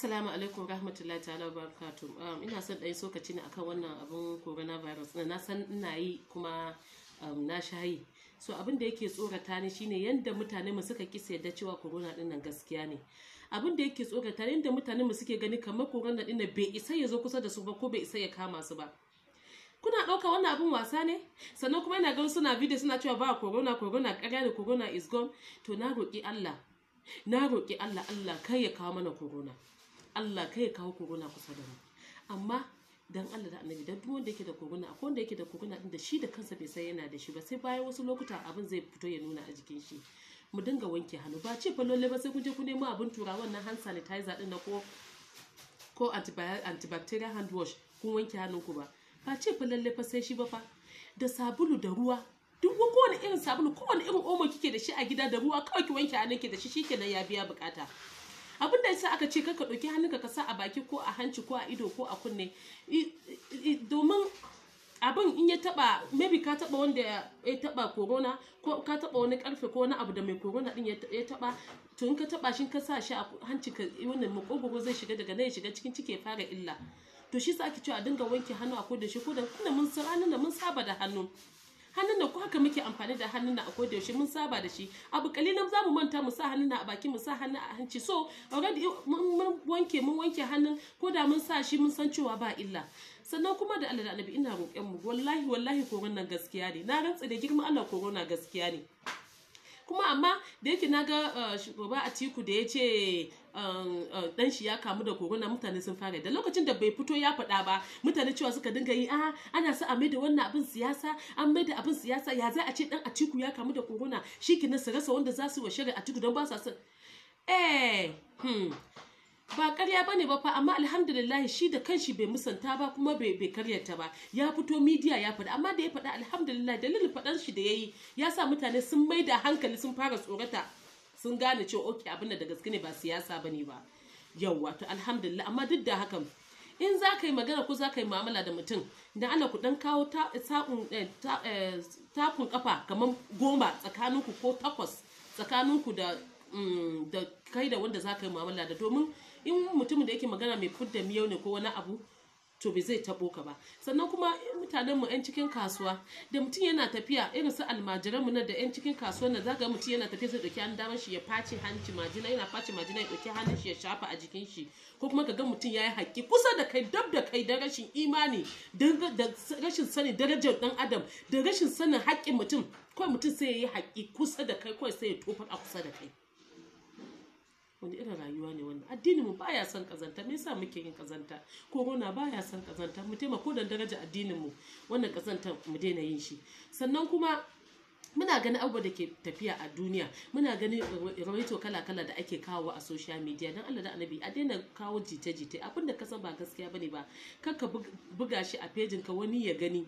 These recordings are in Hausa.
assalamu alaikum rahmatullahi ta'ala wa barakatu um, ina son ɗan sokaci ne akan wannan abin coronavirus na san ina yi kuma um, na shayi so abin da yake tsorata ne shine yanda mutane mu suka kisa yadda cewa corona din nan gaskiya ne abin da yake tsorata ne yanda mutane mu suke gani kamar corona din nan bai isa ya zo kusa da su ba ko bai isa ya kama su ba kuna ɗauka wannan abin wasa ne sannan kuma ina ganin suna bidiyo suna cewa ba corona corona ƙarya ne corona is gone to na roƙi Allah na roƙi Allah Allah kai ya kawo mana corona Allah kai kawo koguna kusa da mu amma dan Allah da annabi dan duk wanda yake da koguna akwai wanda yake da koguna din da shi da kansa bai san yana da shi ba sai bayan wasu lokuta abin zai fito ya nuna a jikin shi mu dinga wanke hannu ba ce fa lalle ba sai kun je ku nemo abin tura wannan hand sanitizer din na ko ko antibacterial hand wash kun wanke hannun ku ba ba ce fa lalle fa sai shi ba fa da sabulu da ruwa duk kowane irin sabulu kowane irin omo kike da shi a gida da ruwa kawai ki wanke hannun ki da shi shikenan ya biya bukata abin da sa aka ce ka ɗauki hannunka ka sa a baki ko a hanci ko a ido ko a kunne domin abin in ya taba maybe ka taba wanda ya taba corona ko ka taba wani karfe ko wani abu da mai corona din ya taba to in ka taba shi ka sa shi a hanci ka wannan makogoro zai shiga daga nan ya shiga cikin ciki ya fara illa to shi sa ake cewa a dinga wanke hannu a da shi ko da mun da mun saba da hannu hannun nan ko haka muke amfani da hannun nan a koda yaushe mun saba da shi abu kalilan za mu manta mu sa hannun a baki mu sa hannun a hanci so already mun wanke mun wanke hannun ko da mun sa shi mun san cewa ba illa sannan kuma da Allah da Annabi ina roƙen mu wallahi wallahi wannan gaskiya ne na rantsa da girman Allah wannan gaskiya ne kuma amma da yake na ga eh, shugaba a tiku da ya ce Um, uh, dan ya kamu da corona mutane sun fara da lokacin da bai fito ya faɗa ba mutane cewa suka dinga yi a ah, ana sa a maida wannan abin siyasa an maida abin siyasa ya za a ce dan atiku ya kamu da corona shikenan su rasa wanda za su wa shari'a atiku don ba sa son eh hmm, ba karya bane ba fa amma alhamdulillah shi da kanshi bai musanta ba kuma bai bai karyata ba ya fito media ya faɗa amma da ya faɗa alhamdulillah dalilin faɗan shi da yayi ya sa mutane sun maida hankali sun fara tsorata sun gane cewa oke abin da gaske ne ba siyasa ba ne ba yau to alhamdulillah amma duk da hakan in za ka yi magana ko za ka yi mu'amala da mutum da ana ku dan kawo eh, eh, takun kafa kamar goma tsakaninku ko takwas tsakaninku da mm, da kai da wanda za ka yi mu'amala da domin in mutumin da yake magana mai fudda miyau ne ko wani abu to bai zai taɓo ka ba sannan kuma mutanen mu yan cikin kasuwa da mutum yana tafiya irin su almajiran mu na da yan cikin kasuwa na zaga mutum yana tafiya sai dauki an damar shi ya face hanci majina yana face majina ya dauki hannun shi ya shafa a jikin shi ko kuma ka ga mutum yayi haƙƙi kusa da kai dab da kai da rashin imani da rashin sanin darajar dan adam da rashin sanin haƙƙin mutum kawai mutum sai ya yi haƙƙi kusa da kai kawai sai ya tofar a kusa da kai wani irin rayuwa ne wannan addinin mu baya son kazanta me yasa muke yin kazanta corona baya son kazanta mu taimako da daraja addinin mu wannan kazantar mu daina yin shi sannan kuma muna ganin abubuwa da ke tafiya a duniya muna ganin rawaito kala-kala da ake kawo a social media don allah da annabi a daina kawo jita-jita abin da san ba gaskiya bane ba kanka buga shi a pejin ka wani ya gani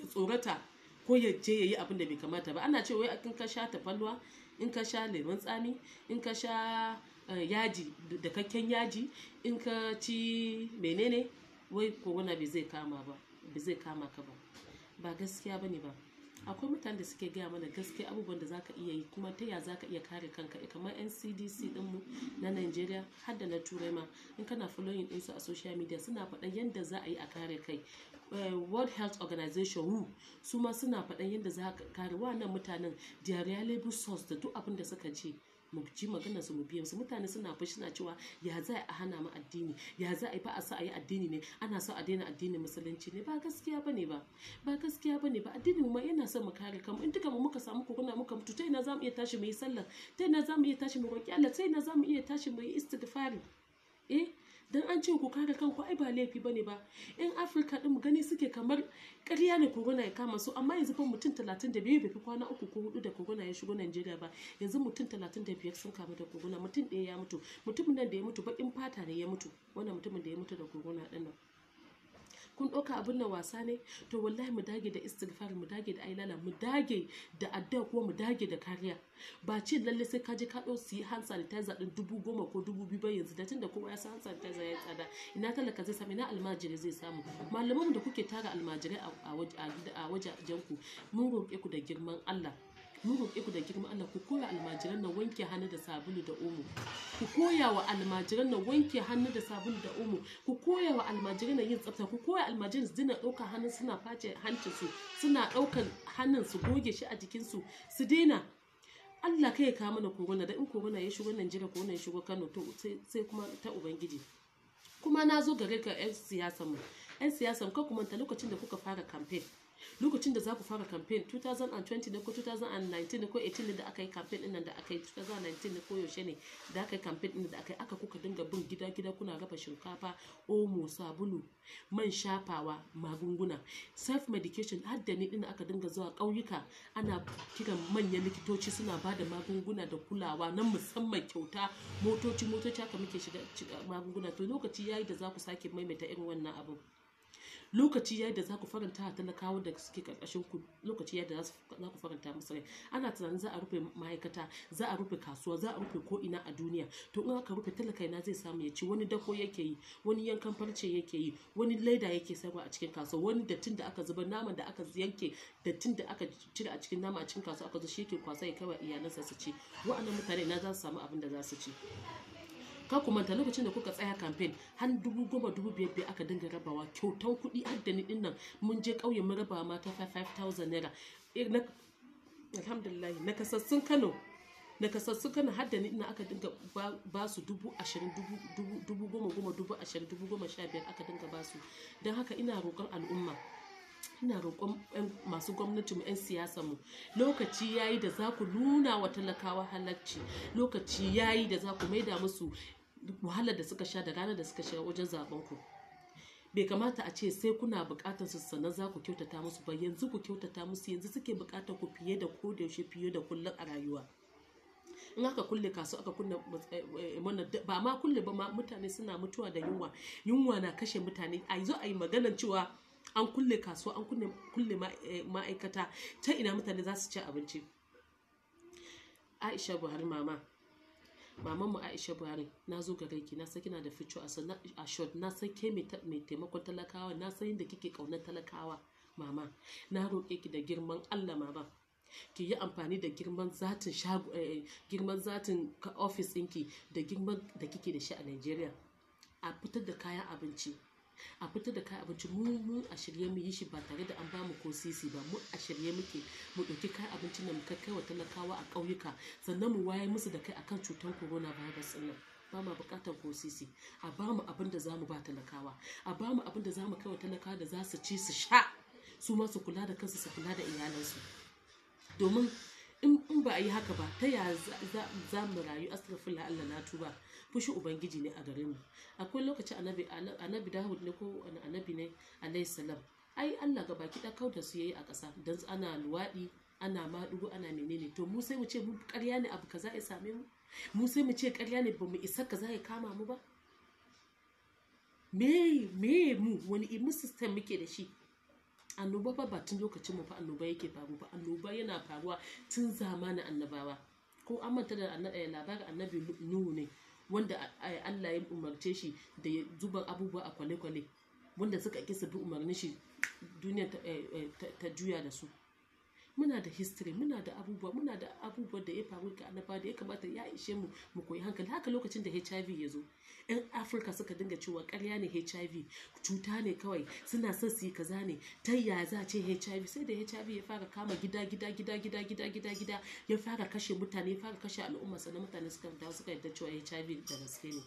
ya tsorata ko ya je ya yi abin da bai kamata ba ana cewa wai in ka sha tafalwa in ka sha lemon tsami in ka sha eh, yaji da kakken yaji in ka ci menene wai corona bai zai kama ka ba ba gaskiya bane ba akwai mutane da suke gaya mana gaske abubuwan da zaka iya yi kuma ta ya zaka iya kare kanka eh, kamar ncdc dinmu na nigeria har da na turai ma in kana following ɗinsu a social media suna faɗa yadda za a yi a kare kai eh, world health organization who su ma suna faɗan yadda za a kare nan mutanen diarrhea labor source da duk abin da suka ce mu ji magana su mu biye su mutane suna fushi suna cewa ya za a hana mu addini ya za a yi ba a sa a yi addini ne ana so a daina addinin musulunci ne ba gaskiya bane ba ba gaskiya bane ba addini mu yana son mu kare kanmu in duka mu muka samu kokuna muka mutu ta ina zamu iya tashi mu yi sallah ta ina zamu iya tashi mu roki Allah ta ina zamu iya tashi mu yi istighfari eh dan an ce ku kare kanku ai ba laifi bane ba in afirka din gani suke kamar ƙarya ne korona ya kama su amma yanzu fa mutum 32 bai fi kwana uku ko hudu da korona ya shigo Najeriya ba yanzu mutum 35 sun kamu da korona mutum ɗaya ya mutu mutumin nan da ya mutu baƙin fata ne ya mutu wannan mutumin da ya mutu da korona din nan kun ɗauka abin nan wasa ne to wallahi mu dage da istighfar mu dage da ailala mu dage da addu'a ko mu dage da kariya ba ce lalle sai ka je ka ɗau su yi hand sanitizer ɗin dubu goma ko dubu biyu ba yanzu da tun da kowa ya san hand sanitizer ya tsada ina talaka zai samu ina almajiri zai samu malamanmu da kuke tara almajirai a wajen ku mun roƙe ku da girman Allah mun roƙe da girma Allah ku koya almajiran nan wanke hannu da sabulu da omo ku koya wa almajiran nan wanke hannu da sabulu da omo ku koya wa almajiran nan yin tsafta ku koya almajiran su dina ɗaukar hannun suna face hancin su suna ɗaukar hannun su goge shi a jikin su su daina Allah kai ya mana korona da in korona ya shigo Najeriya korona ya shigo Kano to sai kuma ta ubangiji kuma na zo gare ka 'yan siyasan mu 'yan siyasan ka kuma ta lokacin da kuka fara kamfen lokacin da za ku fara campaign 2020 ne ko 2019 ne ko 18 ne da aka yi campaign ɗin nan da aka yi 2019 ne ko yaushe ne da aka yi campaign ɗin da aka yi aka kuka dinga bin gida gida kuna raba shinkafa omo sabulu man shafawa magunguna self medication har da ni ɗin aka dinga zuwa ƙauyuka ana kiran manyan likitoci suna ba da magunguna da kulawa na musamman kyauta motoci motoci aka muke shiga magunguna to lokaci yayi da za ku sake maimaita irin wannan abu lokaci yayin da za ku faranta talakawa da suke karkashin ku lokaci yayin da za ku faranta musu rai ana tunanin za a rufe ma'aikata za a rufe kasuwa za a rufe ko'ina a duniya to in aka rufe talaka zai samu ya ci wani dako yake yi wani yankan farce yake yi wani leda yake sayarwa a cikin kasuwa wani dattin da aka zuba naman da aka yanke dattin da aka cire a cikin nama a cikin kasuwa aka zo shi yake kwasa ya kai wa iyalansa su ci wa'annan mutane na za su samu abin da za su ci Ka ku manta lokacin da kuka tsaya campaign har dubu goma dubu biyar biyar aka dinga rabawa kyautan kuɗi har da ni nan mun je ƙauyen mun ma mata 5000 naira eh, alhamdulillah nakasassun kano kasassun kano har da ni ina aka dinga ba su dubu ashirin dubu goma goma dubu ashirin dubu goma sha biyar aka dinga ba su don haka ina roƙon al'umma ina roƙon masu gwamnati mu 'yan siyasa mu lokaci yayi da za ku nuna wa talakawa halarci lokaci yayi da za ku maida musu duk da suka sha da ranar da suka sha wajen zaben ku bai kamata a ce sai kuna bukatar su sannan za ku kyautata musu ba yanzu ku kyautata musu yanzu suke bukatar ku fiye da ko da yaushe fiye da kullum a rayuwa in aka kulle kasu aka kunna eh, mana ba ma kulle ba ma mutane suna mutuwa da yunwa yunwa na kashe mutane a yanzu a yi maganar cewa an kulle kasuwa an kulle eh, ma'aikata ta ina mutane za su ci abinci aisha buhari mama maman mu Aisha Buhari na zo gare ki na san kina da future a short na san ke mai taimakon talakawa na san yadda kike kaunar talakawa mama na roƙe ki da girman Allah mama ki yi amfani da girman zatin shago eh, girman zatin office ɗinki da girman da kike da shi a nigeria a fitar da kayan abinci a fitar da kayan abinci mu mu a shirye mu yi shi ba tare da an bamu ko sisi ba mu a shirye muke mu ɗauki kayan abinci na mu kai wa talakawa a ƙauyuka sannan mu waye musu da kai akan cutar virus din nan. ba ma bukatar ko sisi a ba mu abin da za mu ba talakawa a ba mu abin da za mu wa talakawa da za su ci su sha su ma su kula da kansu su kula da iyalansu domin in ba a yi haka ba ta ya za mu rayu astaghfirullah Allah na tuba fushi ubangiji ne a gare mu akwai lokaci annabi annabi dawud ne ko annabi ne alayhi salam ai Allah ga baki da kauda su yayi a ƙasa dan ana luwadi ana madugo ana menene to mu sai mu ce mu ƙarya ne abu kaza ya same mu mu sai mu ce ƙarya ne mu isa kaza ya kama mu ba me me mu wani imu system muke da shi annoba fa ba tun lokacin mu fa annoba yake faru ba annoba yana faruwa tun zamanin annabawa ko an manta da eh, labarin annabi nuhu ne wanda Allah ya umarce shi da ya zuba abubuwa a kwale-kwale wanda suka ƙi su bi umarnin shi duniya ta eh, eh, juya da su muna da history muna da abubuwa muna da abubuwa da ya faru ga annaba da ya kamata ya ishe mu mu koyi hankali haka lokacin da HIV ya zo yan Afirka suka dinga cewa ƙarya ne HIV cuta ne kawai suna son su yi kaza ne ta ya za ce HIV sai da HIV ya fara kama gida gida gida gida gida gida gida ya fara kashe mutane ya fara kashe al'umma sannan mutane suka dawo suka yarda cewa HIV da gaske ne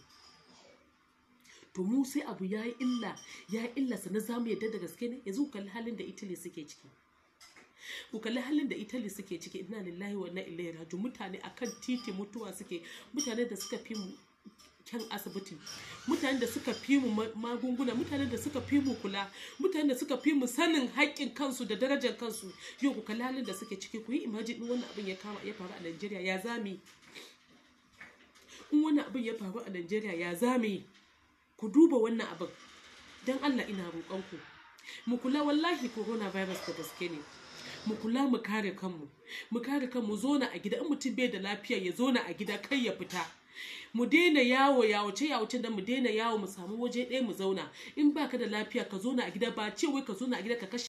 to mu sai abu ya yi illa ya illa sannan za mu yarda da gaske ne yanzu kalli halin da Italy suke ciki ku kalli halin da Italy suke ciki ina lillahi wa na ilaihi raji'un mutane akan titi mutuwa suke mutane da suka fi mu kyan asibiti mutane da suka fi mu magunguna mutane da suka fi mu kula mutane da suka fi mu sanin haƙƙin kansu da darajar kansu yau ku kalli halin da suke ciki ku yi imajin din wannan abin ya kama ya faru a Najeriya ya zame in wannan abin ya faru a Najeriya ya zame ku duba wannan abin don Allah ina roƙonku mu kula wallahi coronavirus da gaske ne mu kula mu kare kanmu mu kare kanmu zona a gida in mutum bai da lafiya ya zona a gida kai ya fita mu daina yawo yawace yawace da mu daina yawo mu samu waje ɗaya mu zauna in baka da lafiya ka zona a gida ba ce wai ka zona a gida ka kashe